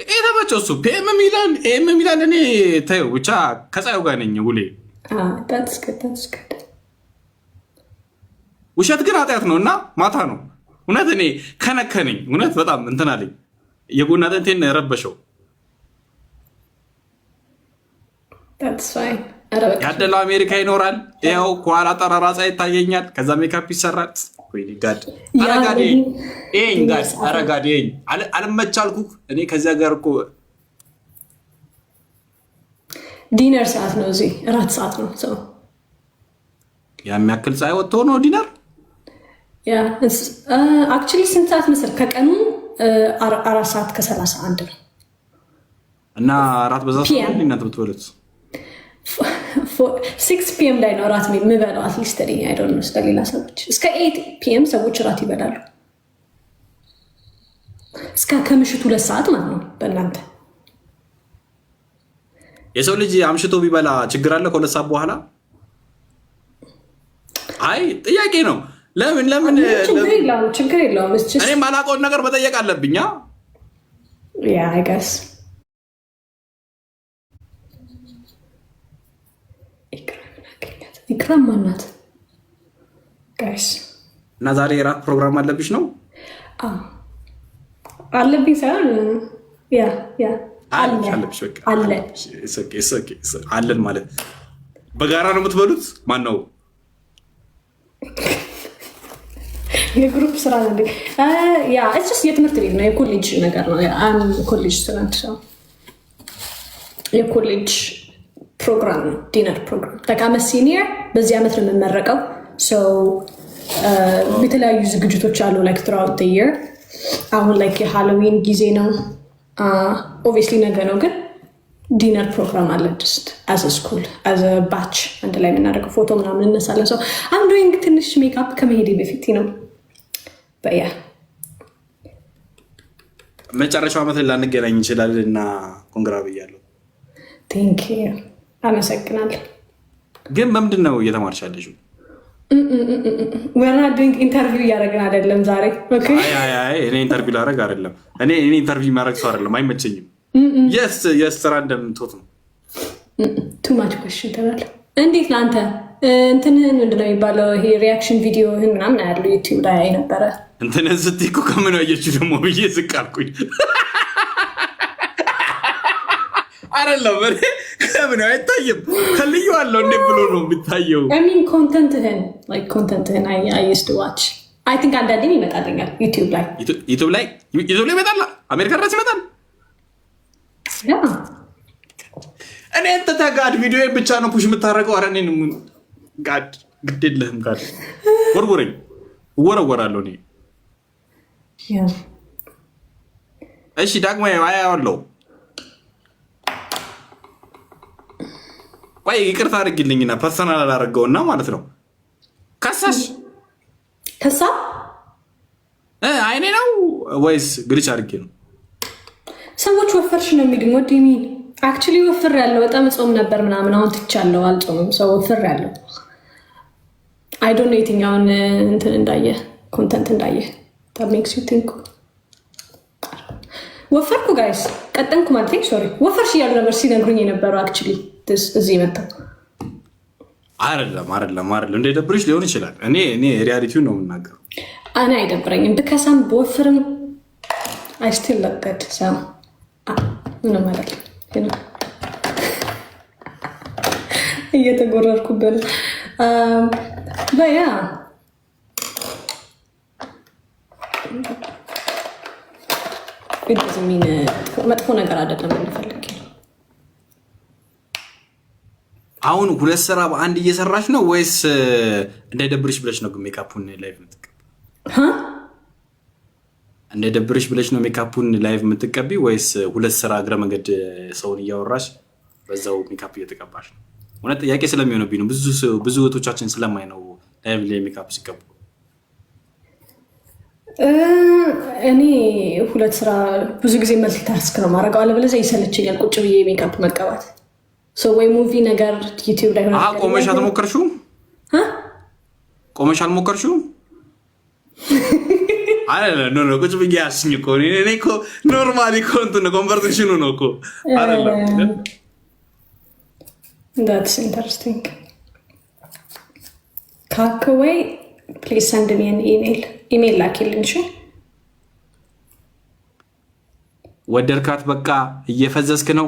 የተመቸው እሱ ፒኤም ሚላን ኤም ሚላን እኔ ተይው ብቻ ከፀዩ ጋር ነኝ ውሌ። ውሸት ግን አጥያት ነው እና ማታ ነው እውነት። እኔ ከነከነኝ እውነት በጣም እንትን አለኝ። የጎና ጠንቴን ረበሸው ያደለው አሜሪካ ይኖራል። ያው ከኋላ ጠራራ ፀሐይ ይታየኛል። ከዛ ሜካፕ ይሰራል። ጋድ አረጋዴኝ አረጋዴኝ አልመቻልኩ። እኔ ከዚያ ጋር እኮ ዲነር ሰዓት ነው፣ እዚህ እራት ሰዓት ነው። ሰው የሚያክል ፀሐይ ወጥቶ ነው ዲነር። አክቹዋሊ ስንት ሰዓት መሰለህ? ከቀኑ አራት ሰዓት ከሰላሳ አንድ ነው እና አራት በዛ ሰዓት እናንተ ብትበሉት ሲክስ ፒኤም ላይ ነው እራት የምበለው። አትሊስት እኔ አይዶን ውስጥ ለሌላ ሰዎች እስከ ኤይት ፒኤም ሰዎች እራት ይበላሉ። እስከ ከምሽቱ ሁለት ሰዓት ማለት ነው። በእናንተ የሰው ልጅ አምሽቶ ቢበላ ችግር አለ? ከሁለት ሰዓት በኋላ አይ ጥያቄ ነው። ለምን ለምን ችግር የለውም። እኔም አላውቀውን ነገር መጠየቅ አለብኛ አይገስ ኢክራም ማናት? ቀሽ እና ዛሬ የራት ፕሮግራም አለብሽ ነው? አለብኝ ሳይሆን ያ ያ አለን ማለት በጋራ ነው የምትበሉት? ማን ነው የግሩፕ ስራ ነው የትምህርት ቤት ነው የኮሌጅ ነገር ነው ኮሌጅ ስራንት የኮሌጅ ፕሮግራም ነው ዲነር ፕሮግራም ተካመ ሲኒየር በዚህ ዓመት ነው የምመረቀው። uh, የተለያዩ ዝግጅቶች አሉ ላይክ ትራውት የር አሁን ላይክ የሃሎዊን ጊዜ ነው። ኦብቪየስሊ uh, ነገ ነው ግን ዲነር ፕሮግራም አለ ድስት አዘ ስኩል አዘ ባች አንድ ላይ የምናደርገው ፎቶ ምናምን እነሳለን። ሰው አንድ ወይንግ ትንሽ ሜካፕ ከመሄድ በፊት ነው በያ መጨረሻው ዓመት ላንገናኝ እንችላለን እና ኮንግራ ብያለሁ። ቴንክ አመሰግናለሁ። ግን በምንድን ነው እየተማርሽ ያለሽው? ኢንተርቪው እያደረግን አይደለም ዛሬ። እኔ ኢንተርቪው ላደርግ አይደለም። እኔ እኔ ኢንተርቪው የሚያደርግ ሰው አይደለም፣ አይመቸኝም። የስ የስ ስራ እንደምትት ነው። ኮሽን እንዴት ለአንተ እንትንህን ምንድን ነው የሚባለው? ይሄ ሪያክሽን ህን ምናምን ያሉ ዩቲዩብ ላይ ነበረ። እንትንህን ስትይ እኮ ከምን አየችው ደግሞ ብዬ ዝቅ አልኩኝ። አይደለም ከምን አይታይም። ከልዩ አለው ብሎ ነው የሚታየው። ኮንተንትህን ኮንተንትህን ዋች አይ ቲንክ አንዳንዴም ይመጣልኛል ዩቲዩብ ላይ ዩቲዩብ ላይ ዩቲዩብ ላይ ይመጣል። አሜሪካ ድረስ ይመጣል። እኔ እንትን ጋድ ቪዲዮ ብቻ ነው ፑሽ የምታደርገው። እኔን ጋድ ግድ የለህም ጋድ ወርውረኝ፣ እወረወራለሁ እኔ እሺ ዳግማ ቆይ ይቅርታ አድርጊልኝና ፐርሰናል አላደርገውና ማለት ነው። ከሳሽ ከሳ አይኔ ነው ወይስ ግልጭ አድርጌ ነው? ሰዎች ወፈርሽ ነው የሚሉኝ። ወደ ሚን አክቹዋሊ ወፍር ያለው በጣም እጾም ነበር ምናምን፣ አሁን ትቻለው አልጾምም። ሰው ወፍር ያለው አይ ዶንት ኖ የትኛውን እንትን እንዳየ ኮንተንት እንዳየ ታሜክስ ዩ ቲንክ ወፈርኩ ጋይስ፣ ቀጠንኩ ማለት ሶሪ ወፈርሽ እያሉ ነበር ሲነግሩኝ የነበረው አክቹዋሊ እዚህ መጣ። አይደለም አይደለም አይደለም። እንደ ደብሮች ሊሆን ይችላል። እኔ እኔ ሪያሊቲውን ነው የምናገሩ። እኔ አይደብረኝም። ብከሳም በወፍርም አይስቲል ለቀድ ሰው ምንም ማለት እየተጎረርኩበት በያ uh, መጥፎ ነገር አይደለም እንፈልግ አሁን ሁለት ስራ በአንድ እየሰራች ነው ወይስ እንዳይደብርሽ ብለሽ ነው ሜካፑን ላይቭ የምትቀቢ? እንዳይደብርሽ ብለሽ ነው ሜካፑን ላይቭ የምትቀቢ ወይስ ሁለት ስራ እግረ መንገድ ሰውን እያወራሽ በዛው ሜካፕ እየተቀባሽ ነው? እውነት ጥያቄ ስለሚሆንብኝ ነው። ብዙ እህቶቻችን ስለማይ ነው ላይቭ ላይ ሜካፕ ሲቀቡ። እኔ ሁለት ስራ ብዙ ጊዜ መልቲታስክ ነው ማድረግ፣ አለበለዚያ ይሰለቸኛል ቁጭ ብዬ ሜካፕ መቀባት ወይ ሙቪ ነገር ዩቲዩብ ላይ ቆመሽ አልሞከርሽውም? ቆመሽ አልሞከርሽውም? ቁጭ ብዬ ያስኝ እኮ እኔ እኮ ኖርማሊ እኮ እንትን ኮንቨርሴሽኑ ነው እኮ ዳትስ ኢንተረስቲንግ ፕሊዝ ሰንድ ሚ አን ኢሜል ኢሜል ላኪልኝ። እሺ ወደድካት? በቃ እየፈዘዝክ ነው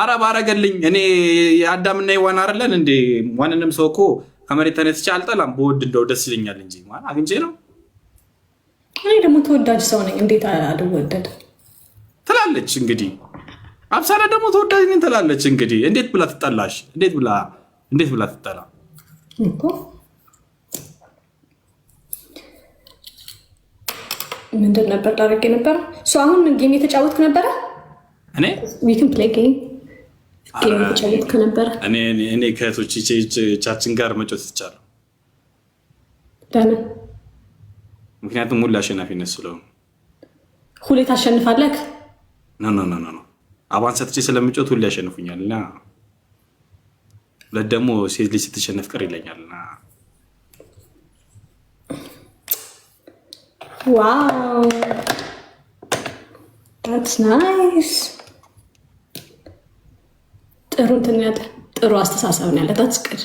አረብ አረገልኝ። እኔ የአዳምና የዋን አረለን እንዴ? ማንንም ሰው እኮ ከመሬት ተነስቼ አልጠላም። በወድ እንደው ደስ ይለኛል እንጂ አግኝቼ ነው። እኔ ደግሞ ተወዳጅ ሰው ነኝ፣ እንዴት አልወደድ ትላለች። እንግዲህ አብሳላ ደግሞ ተወዳጅ ነኝ ትላለች። እንግዲህ እንዴት ብላ ትጠላሽ? እንዴት ብላ እንዴት ብላ ትጠላ? ምንድን ነበር ላደርግ ነበር? አሁን ጌም የተጫወትክ ነበረ እኔ ጫወት ከነበረ እኔ ከእህቶች ቻችን ጋር መጫወት ይቻላል። ምክንያቱም ሁሌ አሸናፊነት ስለሆነ ሁሌ ታሸንፋለህ። አባን ሰጥቼ ስለምጮት ሁሌ ያሸንፉኛል ና ሁለት ደግሞ ሴት ልጅ ስትሸነፍ ቅር ይለኛል ዋው ናይስ ጥሩ እንትን ያለ ጥሩ አስተሳሰብ ያለ ታስቅድ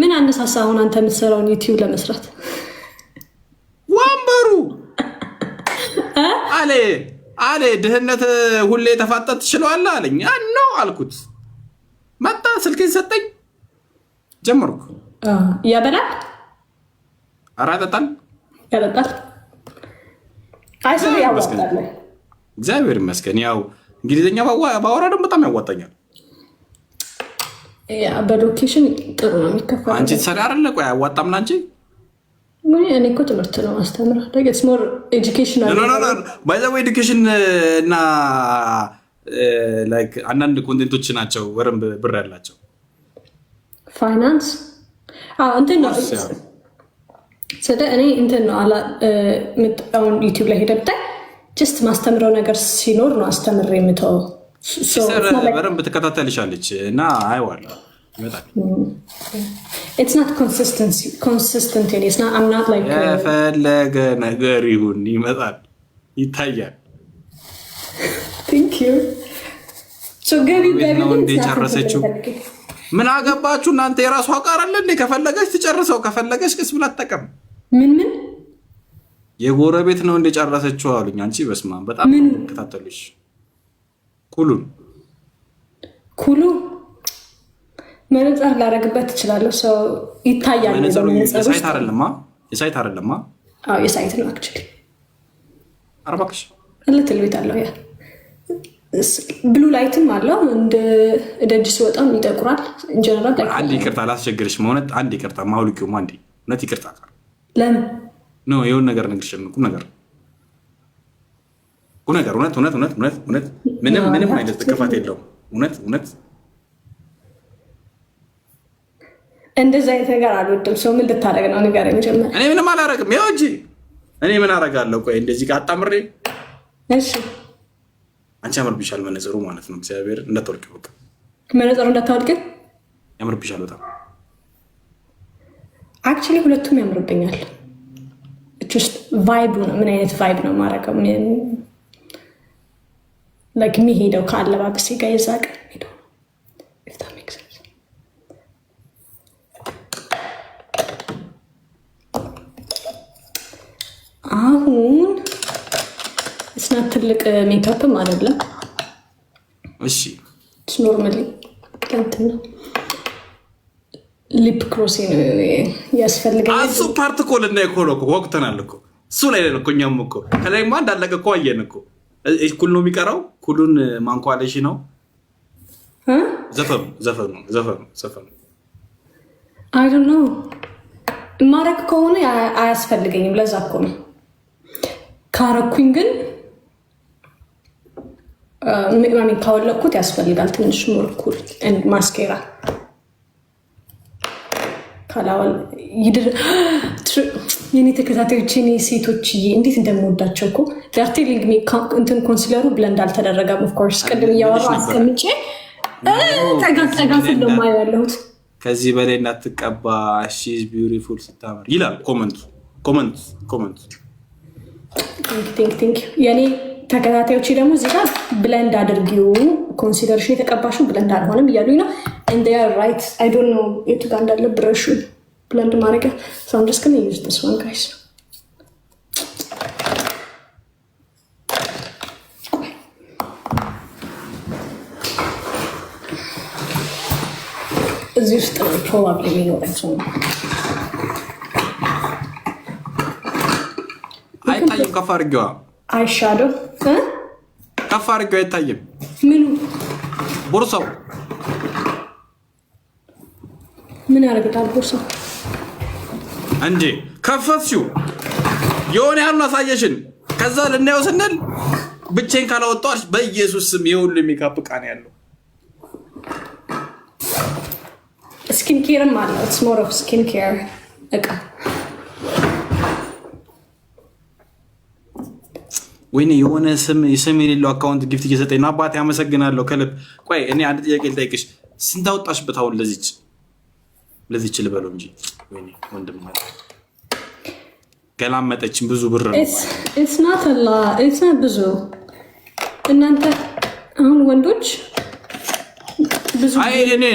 ምን አነሳሳሁን አንተ የምትሰራውን ዩቲዩብ ለመስራት ወንበሩ አለ አለ ድህነት ሁሌ የተፋጠጥ ትችለዋለ አለኝ። ኖ አልኩት። መጣ ስልክን ሰጠኝ፣ ጀመርኩ። ያበላል ኧረ ያጠጣል ያጠጣል። አይ ሰው ያዋጣል እግዚአብሔር ይመስገን። ያው እንግሊዝኛ ባወራ ደግሞ በጣም ያዋጣኛል። በሎኬሽን ጥሩ ነው የሚከፈለው። አንቺ ትሰሪ አይደለ? ቆይ አያዋጣም ለአንቺ? እኔ እኮ ትምህርት ነው ኤዱኬሽን uh, እና uh, አንዳንድ ኮንቴንቶች ናቸው በደንብ ብር ያላቸው ፋይናንስ እንትን ነው። ስለ እኔ እንትን ነው uh, አሁን ዩቲዩብ ላይ ሄደ ብታይ ጅስት ማስተምረው ነገር ሲኖር ነው አስተምር የምተው። በደንብ ትከታተልሻለች እና አይዋለሁ mm. uh, የፈለገ ነገር ይሁን ይመጣል፣ ይታያል። ጨረሰችው? ምን አገባችሁ እናንተ? የራሷ ቃር አለ እንዴ? ከፈለገች ትጨርሰው፣ ከፈለገች ቅስ ብላ ትጠቀም። ምን ምን የጎረቤት ነው እንደጨረሰችው አሉኝ። አንቺ በስማ በጣም ከታተሉሽ ኩሉን ኩሉ መነጽር ላደርግበት እችላለሁ። ሰው ይታያል። የሳይት አይደለማ የሳይት አይደለማ የሳይት ነው። አክቹዋሊ አርባክሽ ልትል ቤት አለው ያ ብሉ ላይትም አለው። እንደ ደጅ ሲወጣም ይጠቁራል። ጀነራል አንድ ይቅርታ ላስቸግርሽ መሆነት አንድ ይቅርታ ማውልቂውም አንድ እውነት ይቅርታ ለምን ነው የሆን ነገር ነግርሽ ቁም ነገር ቁም ነገር እውነት እውነት እውነት እውነት እውነት ምንም ምንም አይነት ጥቅፋት የለውም። እውነት እውነት እንደዛ አይነት ነገር አልወድም። ሰው ምን ልታደርግ ነው ንገረኝ። ጀመር እኔ ምንም አላደርግም። ያው እንጂ እኔ ምን አደርጋለሁ? ቆይ እንደዚህ ጋር አጣምሬ እሺ፣ አንቺ ያምርብሻል መነጽሩ ማለት ነው። እግዚአብሔር እንዳታወልቅ በቃ መነጽሩ እንዳታወልቅ። ያምርብሻል በጣም አክቹዋሊ፣ ሁለቱም ያምርብኛል። ቫይቡ ነው። ምን አይነት ቫይብ ነው ማረገው ላይክ የሚሄደው ከአለባበሴ ጋር የዛ ቀን አሁን እስና ትልቅ ሜካፕም አይደለም። እሺ ኖርማሊ ቀንትና ሊፕ ክሮስ ያስፈልገኛል። እሱ ፓርት እኮ ልናይ እኮ ነው እኮ ወቅተናል እኮ እሱ ላይ ነው እኮ እኛም እኮ ከላይማ እንዳለቀ እኮ አየን እኮ። ሁሉ ነው የሚቀረው፣ ኩሉን ማንኳለሽ ነው። ዘፈኑ ዘፈኑ ዘፈኑ ዘፈኑ አይ ዶንት ኖ ማረግ ከሆነ አያስፈልገኝም። ለዛ እኮ ነው ካረኩኝ ግን ካወለቅኩት ያስፈልጋል። ትንሽ ሞርኩል ማስኬራ ካላወል ይድር የኔ ተከታታዮች እኔ ሴቶችዬ እንዴት እንደምወዳቸው እኮ ዳርቴሊንግ እንትን ኮንሲለሩ ብለንድ አልተደረገም። ኦፍኮርስ ቅድም እያወራ አስቀምጬ ጠጋጠጋፍ ለማ ያለሁት ከዚህ በላይ እንዳትቀባ ሺዝ ቢዩቲፉል ስታምር ይላል ኮመንቱ። ኮመንት ኮመንት ቲንክ ተከታታዮች ደግሞ እዚህ ጋር ብለንድ አድርጊው ኮንሲደርሽን የተቀባሽን ብለንድ አልሆነም እያሉኝ ነው። ራይት አይ ዶንት ኖው የቱ ጋር እንዳለ ብረሹ blend ማድረጊያ። So I'm just gonna use this one, guys. እዚህ ውስጥ ነው ፕሮባብሊ የሚኖራቸው ነው። አይታይም። ከፍ አድርጌዋ አይሻዶ ከፍ አድርጌዋ አይታይም። ምኑ ቦርሳው ምን ያደርግልሃል? ቦርሳ እንጂ ከፈትሽው የሆነ ያህል አሳየሽን። ከዛ ልናየው ስንል ብቼን ካላወጣሁሽ በኢየሱስ ስም የሁሉ ሜካፕ ዕቃ ነው ያለው። ስኪን ኬርም አለ። ኢትስ ሞር ኦፍ ስኪን ኬር ዕቃ። ወይኔ የሆነ ስም የሌለው አካውንት ጊፍት እየሰጠኝ ነው። አባቴ አመሰግናለሁ ከልብ። ቆይ እኔ አንድ ጥያቄ ልጠይቅሽ። ስንት አወጣሽበት አሁን ለዚች ለዚህ ችል በለው እንጂ ወንድም ገላመጠችን። ብዙ ብር ነው ላ ብዙ እናንተ አሁን ወንዶች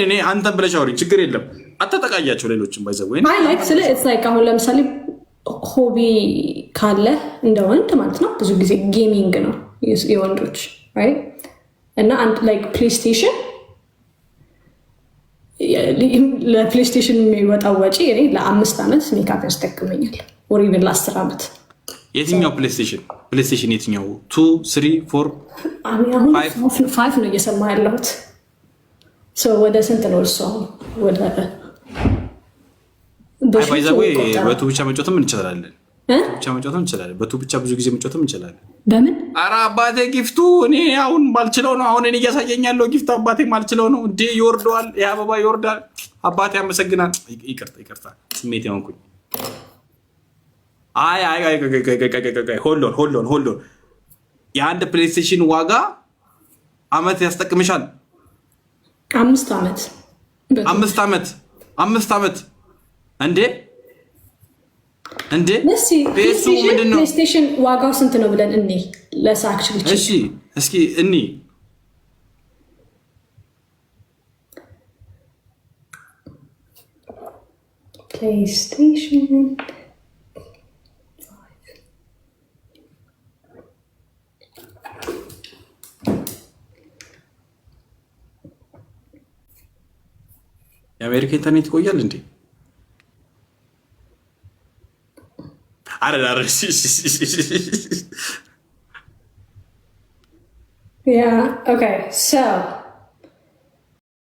እኔ አንተን ብለሽ አውሪኝ፣ ችግር የለም አታጠቃያቸው። ሌሎችን ባይዘው ወይ አሁን ለምሳሌ ሆቢ ካለ እንደ ወንድ ማለት ነው ብዙ ጊዜ ጌሚንግ ነው የወንዶች እና ፕሌይስቴሽን ለፕሌስቴሽን የሚወጣው ወጪ እኔ ለአምስት ዓመት ሜካፕ ያስጠቅመኛል። ወሬን ለአስር ዓመት የትኛው ፕሌስቴሽን ፕሌስቴሽን የትኛው ቱ ስሪ ፎር አሁን ፋይቭ ነው እየሰማ ያለሁት። ወደ ስንት ነው እሱ? አሁን ወደ በቱ ብቻ መጫወትም እንችላለን ብቻ መጫወትም እንችላለን። በቱ ብቻ ብዙ ጊዜ መጫወትም እንችላለን። በምን ኧረ አባቴ ጊፍቱ እኔ አሁን ባልችለው ነው። አሁን እኔ እያሳየኝ ያለው ጊፍቱ አባቴ ማልችለው ነው። እንዴ ይወርደዋል፣ የአበባ ይወርዳል። አባቴ አመሰግናል። ይቅርታ ይቅርታ፣ ስሜት የሆንኩኝ አይ አይ አይ ሆሎን ሆሎን ሆሎን የአንድ ፕሌይስቴሽን ዋጋ አመት ያስጠቅምሻል። አምስት አመት አምስት አመት አምስት አመት እንዴ እንዴ ቤቱ ምንድን ነው? ዋጋው ስንት ነው ብለን እኔ ለሳክች እሺ፣ እስኪ እኔ የአሜሪካ ኢንተርኔት ይቆያል እንዴ? I don't know. yeah. Okay. So